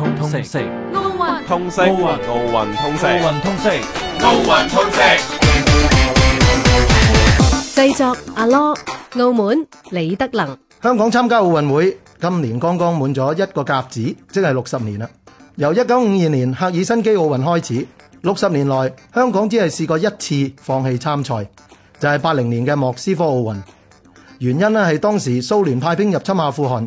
通通食，奧運，奧運，奧運通食，奧運通食，奧運通食。製作阿羅，澳門李德能。香港參加奧運會，今年剛剛滿咗一個甲子，即係六十年啦。由一九五二年赫爾辛基奧運開始，六十年來香港只係試過一次放棄參賽，就係八零年嘅莫斯科奧運。原因呢係當時蘇聯派兵入侵阿富汗。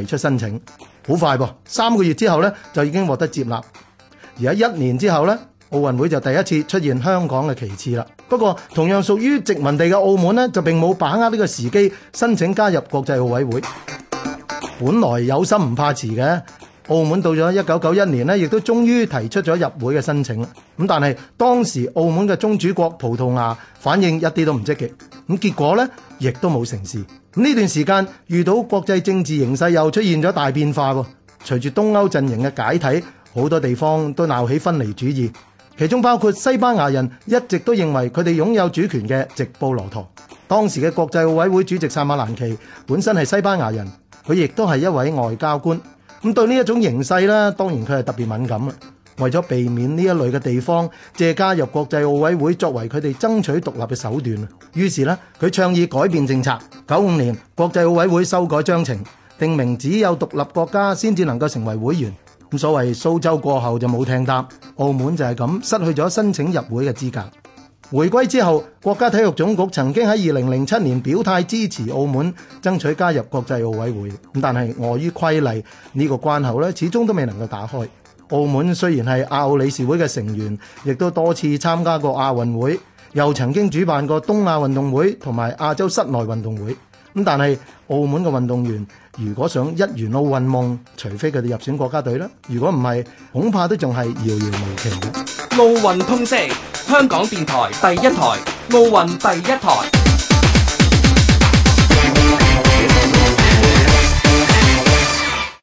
提出申請，好快噃，三個月之後咧，就已經獲得接納。而喺一年之後咧，奧運會就第一次出現香港嘅旗幟啦。不過，同樣屬於殖民地嘅澳門咧，就並冇把握呢個時機申請加入國際奧委會。本來有心唔怕遲嘅澳門到咗一九九一年咧，亦都終於提出咗入會嘅申請啦。咁但係當時澳門嘅宗主國葡萄牙反應一啲都唔積極。咁結果咧，亦都冇成事。呢段時間遇到國際政治形勢又出現咗大變化喎。隨住東歐陣營嘅解體，好多地方都鬧起分離主義，其中包括西班牙人一直都認為佢哋擁有主權嘅直布羅陀。當時嘅國際奧委會主席薩馬蘭奇本身係西班牙人，佢亦都係一位外交官。咁對呢一種形勢咧，當然佢係特別敏感。為咗避免呢一類嘅地方借加入國際奧委會作為佢哋爭取獨立嘅手段，於是咧佢倡議改變政策。九五年國際奧委會修改章程，定名只有獨立國家先至能夠成為會員。咁所謂蘇州過後就冇艇搭，澳門就係咁失去咗申請入會嘅資格。回歸之後，國家體育總局曾經喺二零零七年表態支持澳門爭取加入國際奧委會，但係礙於規例呢個關口咧，始終都未能夠打開。澳門雖然係亞奧理事會嘅成員，亦都多次參加過亞運會，又曾經主辦過東亞運動會同埋亞洲室內運動會。咁但係澳門嘅運動員，如果想一圓奧運夢，除非佢哋入選國家隊啦。如果唔係，恐怕都仲係遙遙無期。奧運通識，香港電台第一台，奧運第一台。